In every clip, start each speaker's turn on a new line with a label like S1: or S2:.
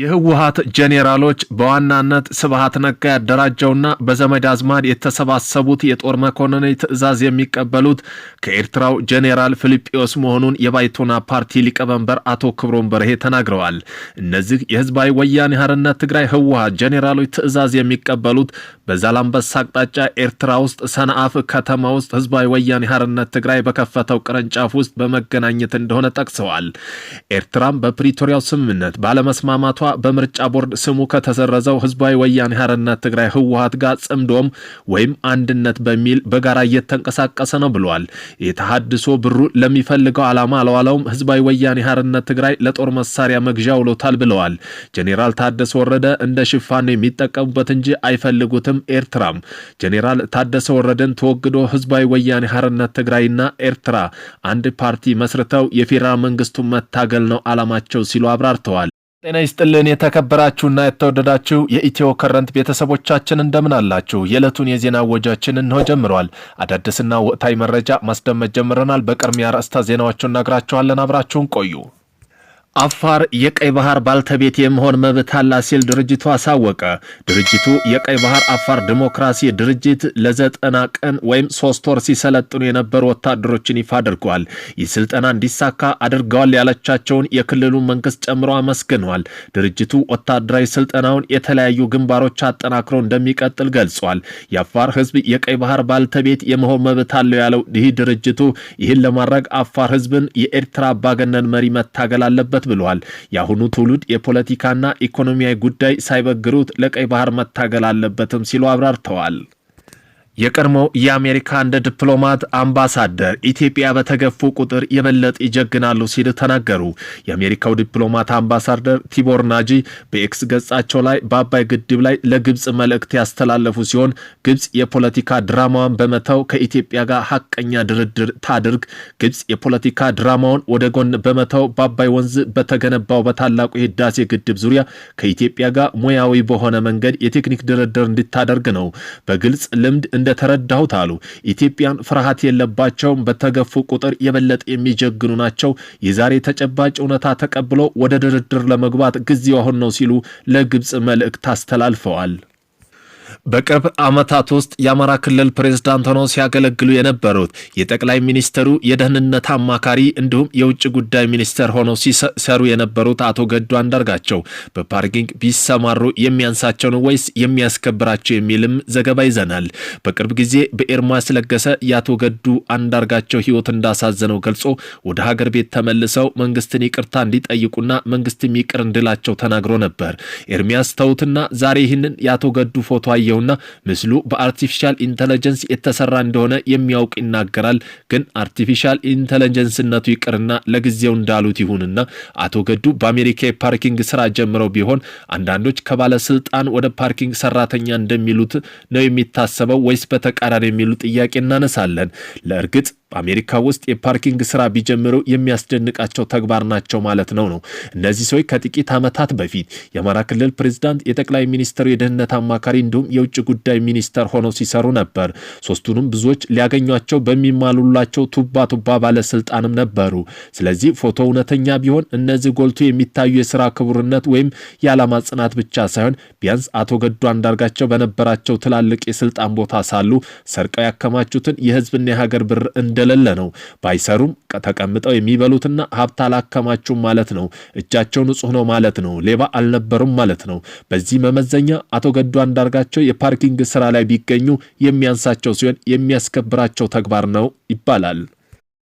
S1: የህወሀት ጄኔራሎች በዋናነት ስብሃት ነጋ ያደራጀውና በዘመድ አዝማድ የተሰባሰቡት የጦር መኮንኖች ትዕዛዝ የሚቀበሉት ከኤርትራው ጄኔራል ፊልጵዎስ መሆኑን የባይቶና ፓርቲ ሊቀመንበር አቶ ክብሮም በርሄ ተናግረዋል። እነዚህ የህዝባዊ ወያኔ ሓርነት ትግራይ ህወሀት ጄኔራሎች ትዕዛዝ የሚቀበሉት በዛላምበሳ አቅጣጫ ኤርትራ ውስጥ ሰንአፍ ከተማ ውስጥ ህዝባዊ ወያኔ ሓርነት ትግራይ በከፈተው ቅርንጫፍ ውስጥ በመገናኘት እንደሆነ ጠቅሰዋል። ኤርትራም በፕሪቶሪያው ስምምነት ባለመስማማቷ በምርጫ ቦርድ ስሙ ከተሰረዘው ህዝባዊ ወያኔ ሓርነት ትግራይ ህወሀት ጋር ጽምዶም ወይም አንድነት በሚል በጋራ እየተንቀሳቀሰ ነው ብለዋል። የተሃድሶ ብሩ ለሚፈልገው ዓላማ አለዋለውም ህዝባዊ ወያኔ ሓርነት ትግራይ ለጦር መሳሪያ መግዣ ውሎታል ብለዋል። ጄኔራል ታደሰ ወረደ እንደ ሽፋን የሚጠቀሙበት እንጂ አይፈልጉትም። ኤርትራም ጄኔራል ታደሰ ወረደን ተወግዶ ህዝባዊ ወያኔ ሓርነት ትግራይና ኤርትራ አንድ ፓርቲ መስርተው የፌዴራል መንግስቱን መታገል ነው ዓላማቸው ሲሉ አብራርተዋል።
S2: ጤና ይስጥልን የተከበራችሁና የተወደዳችሁ የኢትዮ ከረንት ቤተሰቦቻችን እንደምን አላችሁ? የዕለቱን የዜና ወጃችን እንሆ ጀምረዋል። አዳዲስና ወቅታዊ መረጃ ማስደመጥ ጀምረናል። በቅድሚያ ርዕሰ ዜናዎቹን ነግራችኋለን። አብራችሁን ቆዩ።
S1: አፋር የቀይ ባህር ባልተቤት የመሆን መብት አላ ሲል ድርጅቱ አሳወቀ። ድርጅቱ የቀይ ባህር አፋር ዲሞክራሲ ድርጅት ለዘጠና ቀን ወይም ሶስት ወር ሲሰለጥኑ የነበሩ ወታደሮችን ይፋ አድርገዋል። ይህ ስልጠና እንዲሳካ አድርገዋል ያለቻቸውን የክልሉን መንግስት ጨምሮ አመስግነዋል። ድርጅቱ ወታደራዊ ስልጠናውን የተለያዩ ግንባሮች አጠናክሮ እንደሚቀጥል ገልጿል። የአፋር ህዝብ የቀይ ባህር ባልተቤት የመሆን መብት አለው ያለው ይህ ድርጅቱ ይህን ለማድረግ አፋር ህዝብን የኤርትራ አባገነን መሪ መታገል አለበት ብለዋል። የአሁኑ ትውልድ የፖለቲካና ኢኮኖሚያዊ ጉዳይ ሳይበግሩት ለቀይ ባህር መታገል አለበትም ሲሉ አብራርተዋል። የቀድሞ የአሜሪካ እንደ ዲፕሎማት አምባሳደር ኢትዮጵያ በተገፉ ቁጥር የበለጥ ይጀግናሉ ሲል ተናገሩ። የአሜሪካው ዲፕሎማት አምባሳደር ቲቦር ናጂ በኤክስ ገጻቸው ላይ በአባይ ግድብ ላይ ለግብፅ መልእክት ያስተላለፉ ሲሆን ግብፅ የፖለቲካ ድራማዋን በመተው ከኢትዮጵያ ጋር ሀቀኛ ድርድር ታድርግ፣ ግብፅ የፖለቲካ ድራማውን ወደ ጎን በመተው በአባይ ወንዝ በተገነባው በታላቁ የህዳሴ ግድብ ዙሪያ ከኢትዮጵያ ጋር ሙያዊ በሆነ መንገድ የቴክኒክ ድርድር እንድታደርግ ነው በግልጽ ልምድ እንደተረዳሁት አሉ ኢትዮጵያን ፍርሃት የለባቸውም። በተገፉ ቁጥር የበለጠ የሚጀግኑ ናቸው። የዛሬ ተጨባጭ እውነታ ተቀብሎ ወደ ድርድር ለመግባት ጊዜው አሁን ነው ሲሉ ለግብፅ መልእክት አስተላልፈዋል።
S2: በቅርብ ዓመታት ውስጥ የአማራ ክልል ፕሬዝዳንት ሆነው ሲያገለግሉ የነበሩት የጠቅላይ ሚኒስትሩ የደህንነት አማካሪ እንዲሁም የውጭ ጉዳይ ሚኒስትር ሆነው ሲሰሩ የነበሩት አቶ ገዱ አንዳርጋቸው በፓርኪንግ ቢሰማሩ የሚያንሳቸው ነው ወይስ የሚያስከብራቸው የሚልም ዘገባ ይዘናል። በቅርብ ጊዜ በኤርሚያስ ለገሰ የአቶ ገዱ አንዳርጋቸው ሕይወት እንዳሳዘነው ገልጾ ወደ ሀገር ቤት ተመልሰው መንግስትን ይቅርታ እንዲጠይቁና መንግስትም ይቅር እንድላቸው ተናግሮ ነበር። ኤርሚያስ ተውትና ዛሬ ይህንን የአቶ ገዱ ፎቶ አየ ያዘጋጀውና ምስሉ በአርቲፊሻል ኢንተለጀንስ የተሰራ እንደሆነ የሚያውቅ ይናገራል። ግን አርቲፊሻል ኢንተለጀንስነቱ ይቅርና ለጊዜው እንዳሉት ይሁንና አቶ ገዱ በአሜሪካ የፓርኪንግ ስራ ጀምረው ቢሆን አንዳንዶች ከባለስልጣን ወደ ፓርኪንግ ሰራተኛ እንደሚሉት ነው የሚታሰበው ወይስ በተቃራኒ የሚሉ ጥያቄ እናነሳለን። ለእርግጥ በአሜሪካ ውስጥ የፓርኪንግ ስራ ቢጀምሩ የሚያስደንቃቸው ተግባር ናቸው ማለት ነው ነው እነዚህ ሰዎች ከጥቂት ዓመታት በፊት የአማራ ክልል ፕሬዚዳንት፣ የጠቅላይ ሚኒስትሩ የደህንነት አማካሪ እንዲሁም የውጭ ጉዳይ ሚኒስተር ሆነው ሲሰሩ ነበር። ሶስቱንም ብዙዎች ሊያገኟቸው በሚማሉላቸው ቱባ ቱባ ባለስልጣንም ነበሩ። ስለዚህ ፎቶ እውነተኛ ቢሆን እነዚህ ጎልቶ የሚታዩ የስራ ክቡርነት ወይም የዓላማ ጽናት ብቻ ሳይሆን ቢያንስ አቶ ገዱ አንዳርጋቸው በነበራቸው ትላልቅ የስልጣን ቦታ ሳሉ ሰርቀው ያከማቹትን የህዝብና የሀገር ብር እንደሌለ ነው። ባይሰሩም ተቀምጠው የሚበሉትና ሀብት አላከማችሁም ማለት ነው። እጃቸው ንጹህ ነው ማለት ነው። ሌባ አልነበሩም ማለት ነው። በዚህ መመዘኛ አቶ ገዱ አንዳርጋቸው የፓርኪንግ ስራ ላይ ቢገኙ የሚያንሳቸው ሲሆን የሚያስከብራቸው ተግባር ነው ይባላል።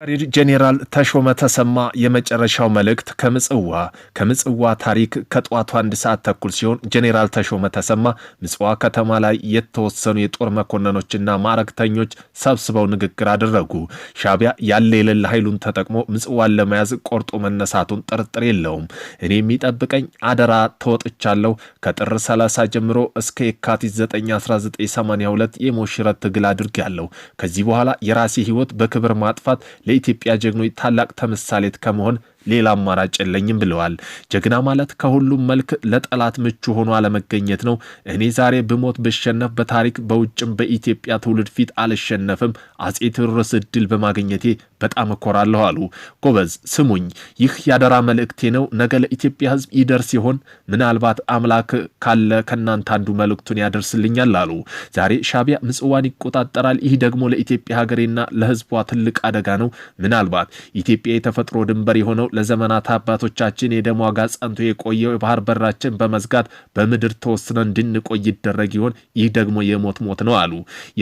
S1: ሪር ጄኔራል ተሾመ ተሰማ የመጨረሻው መልእክት ከምጽዋ ከምጽዋ ታሪክ ከጠዋቱ አንድ ሰዓት ተኩል ሲሆን ጄኔራል ተሾመ ተሰማ ምጽዋ ከተማ ላይ የተወሰኑ የጦር መኮንኖችና ማዕረግተኞች ሰብስበው ንግግር አደረጉ። ሻቢያ ያለ የሌለ ኃይሉን ተጠቅሞ ምጽዋን ለመያዝ ቆርጦ መነሳቱን ጥርጥር የለውም። እኔ የሚጠብቀኝ አደራ ተወጥቻለሁ። ከጥር 30 ጀምሮ እስከ የካቲት 9 1982 የሞት ሽረት ትግል አድርጌያለሁ። ከዚህ በኋላ የራሴ ህይወት በክብር ማጥፋት ለኢትዮጵያ ጀግኖች ታላቅ ተምሳሌት ከመሆን ሌላ አማራጭ የለኝም ብለዋል። ጀግና ማለት ከሁሉም መልክ ለጠላት ምቹ ሆኖ አለመገኘት ነው። እኔ ዛሬ ብሞት ብሸነፍ በታሪክ በውጭም በኢትዮጵያ ትውልድ ፊት አልሸነፍም። አጼ ቴዎድሮስ እድል በማግኘቴ በጣም እኮራለሁ አሉ። ጎበዝ ስሙኝ፣ ይህ ያደራ መልእክቴ ነው። ነገ ለኢትዮጵያ ሕዝብ ይደርስ ይሆን? ምናልባት አምላክ ካለ ከእናንተ አንዱ መልእክቱን ያደርስልኛል አሉ። ዛሬ ሻቢያ ምጽዋን ይቆጣጠራል። ይህ ደግሞ ለኢትዮጵያ ሀገሬና ለሕዝቧ ትልቅ አደጋ ነው። ምናልባት ኢትዮጵያ የተፈጥሮ ድንበር የሆነው ለዘመናት አባቶቻችን የደም ዋጋ ጸንቶ የቆየው የባህር በራችን በመዝጋት በምድር ተወስነን እንድንቆይ ይደረግ ይሆን? ይህ ደግሞ የሞት ሞት ነው አሉ።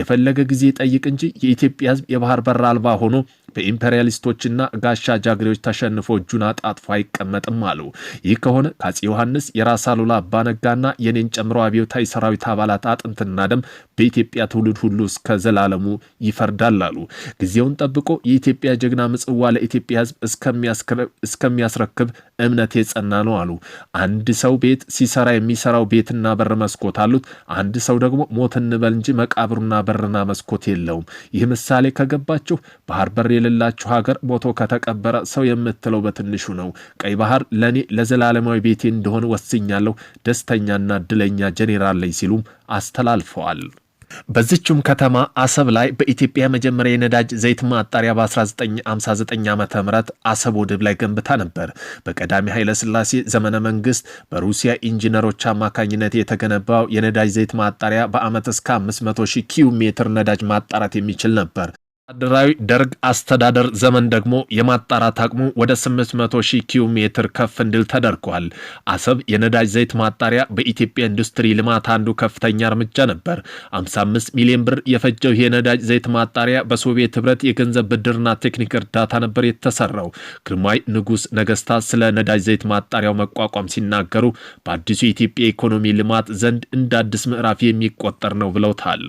S1: የፈለገ ጊዜ ጠይቅ እንጂ የኢትዮጵያ ሕዝብ የባህር በር አልባ ሆኖ በኢምፔሪያሊስቶችና ጋሻ ጃግሬዎች ተሸንፎ እጁን አጣጥፎ አይቀመጥም አሉ። ይህ ከሆነ ከአፄ ዮሐንስ የራስ አሉላ አባነጋና የኔን ጨምሮ አብዮታዊ ሰራዊት አባላት አጥንትና ደም በኢትዮጵያ ትውልድ ሁሉ እስከ ዘላለሙ ይፈርዳል አሉ። ጊዜውን ጠብቆ የኢትዮጵያ ጀግና ምጽዋ ለኢትዮጵያ ሕዝብ እስከሚያስረክብ እምነት የጸና ነው አሉ። አንድ ሰው ቤት ሲሰራ የሚሰራው ቤትና በር መስኮት አሉት። አንድ ሰው ደግሞ ሞት እንበል እንጂ መቃብሩና በርና መስኮት የለውም። ይህ ምሳሌ ከገባችሁ ባህር በር የሌላችሁ ሀገር ሞቶ ከተቀበረ ሰው የምትለው በትንሹ ነው። ቀይ ባህር ለእኔ ለዘላለማዊ ቤቴ እንደሆነ ወስኛለሁ። ደስተኛና እድለኛ ጄኔራል ላይ ሲሉም አስተላልፈዋል።
S2: በዚችም ከተማ አሰብ ላይ በኢትዮጵያ መጀመሪያ የነዳጅ ዘይት ማጣሪያ በ1959 ዓ ም አሰብ ወደብ ላይ ገንብታ ነበር። በቀዳሚ ኃይለሥላሴ ዘመነ መንግስት በሩሲያ ኢንጂነሮች አማካኝነት የተገነባው የነዳጅ ዘይት ማጣሪያ በአመት እስከ 500 ኪዩ ሜትር ነዳጅ ማጣራት የሚችል ነበር።
S1: ወታደራዊ ደርግ አስተዳደር ዘመን ደግሞ የማጣራት አቅሙ ወደ 800 ሺህ ኪሎ ሜትር ከፍ እንዲል ተደርጓል። አሰብ የነዳጅ ዘይት ማጣሪያ በኢትዮጵያ ኢንዱስትሪ ልማት አንዱ ከፍተኛ እርምጃ ነበር። 55 ሚሊዮን ብር የፈጀው የነዳጅ ዘይት ማጣሪያ በሶቪየት ህብረት የገንዘብ ብድርና ቴክኒክ እርዳታ ነበር የተሰራው። ግርማዊ ንጉሥ ነገስታት ስለ ነዳጅ ዘይት ማጣሪያው መቋቋም ሲናገሩ በአዲሱ የኢትዮጵያ ኢኮኖሚ ልማት ዘንድ እንደ አዲስ ምዕራፍ የሚቆጠር ነው ብለውታል።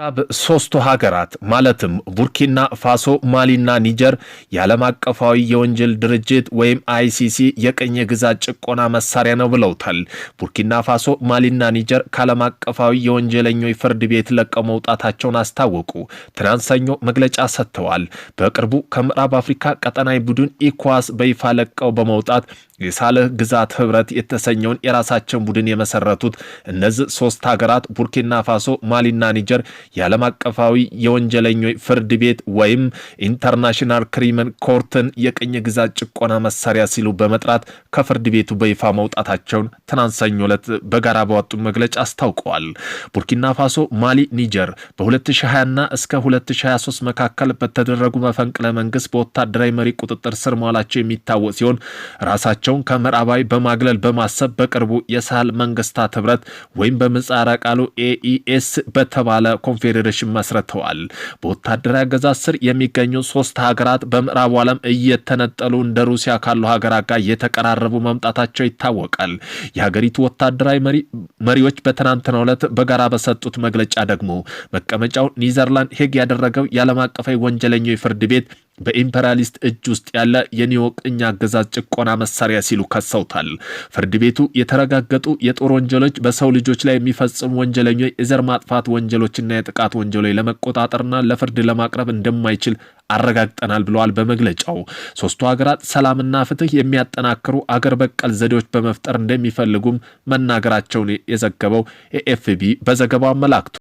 S1: ምዕራብ ሶስቱ ሀገራት ማለትም ቡርኪና ፋሶ፣ ማሊና ኒጀር የዓለም አቀፋዊ የወንጀል ድርጅት ወይም አይሲሲ የቅኝ ግዛት ጭቆና መሳሪያ ነው ብለውታል። ቡርኪና ፋሶ፣ ማሊና ኒጀር ከዓለም አቀፋዊ የወንጀለኞች ፍርድ ቤት ለቀው መውጣታቸውን አስታወቁ። ትናንት ሰኞ መግለጫ ሰጥተዋል። በቅርቡ ከምዕራብ አፍሪካ ቀጠናዊ ቡድን ኢኳስ በይፋ ለቀው በመውጣት የሳልህ ግዛት ህብረት የተሰኘውን የራሳቸውን ቡድን የመሰረቱት እነዚህ ሶስት ሀገራት ቡርኪና ፋሶ፣ ማሊና ኒጀር የዓለም አቀፋዊ የወንጀለኞች ፍርድ ቤት ወይም ኢንተርናሽናል ክሪሚናል ኮርትን የቅኝ ግዛት ጭቆና መሳሪያ ሲሉ በመጥራት ከፍርድ ቤቱ በይፋ መውጣታቸውን ትናንት ሰኞ ዕለት በጋራ ባወጡ መግለጫ አስታውቀዋል። ቡርኪና ፋሶ፣ ማሊ፣ ኒጀር በ2020ና እስከ 2023 መካከል በተደረጉ መፈንቅለ መንግስት በወታደራዊ መሪ ቁጥጥር ስር መዋላቸው የሚታወቅ ሲሆን ራሳቸው ራሳቸውን ከምዕራባዊ በማግለል በማሰብ በቅርቡ የሳህል መንግስታት ህብረት ወይም በምህጻረ ቃሉ ኤኢኤስ በተባለ ኮንፌዴሬሽን መስረተዋል። በወታደራዊ አገዛዝ ስር የሚገኙ ሶስት ሀገራት በምዕራቡ ዓለም እየተነጠሉ እንደ ሩሲያ ካሉ ሀገራት ጋር እየተቀራረቡ መምጣታቸው ይታወቃል። የሀገሪቱ ወታደራዊ መሪዎች በትናንትናው ዕለት በጋራ በሰጡት መግለጫ ደግሞ መቀመጫው ኒዘርላንድ ሄግ ያደረገው የዓለም አቀፋዊ ወንጀለኞች ፍርድ ቤት በኢምፐሪያሊስት እጅ ውስጥ ያለ የኒዮ ቅኝ አገዛዝ ጭቆና መሳሪያ ሲሉ ከሰውታል። ፍርድ ቤቱ የተረጋገጡ የጦር ወንጀሎች በሰው ልጆች ላይ የሚፈጽሙ ወንጀለኞች የዘር ማጥፋት ወንጀሎችና የጥቃት ወንጀሎች ለመቆጣጠርና ለፍርድ ለማቅረብ እንደማይችል አረጋግጠናል ብለዋል። በመግለጫው ሶስቱ ሀገራት ሰላምና ፍትህ የሚያጠናክሩ አገር በቀል ዘዴዎች በመፍጠር እንደሚፈልጉም መናገራቸውን የዘገበው ኤኤፍቢ በዘገባው አመላክቷል።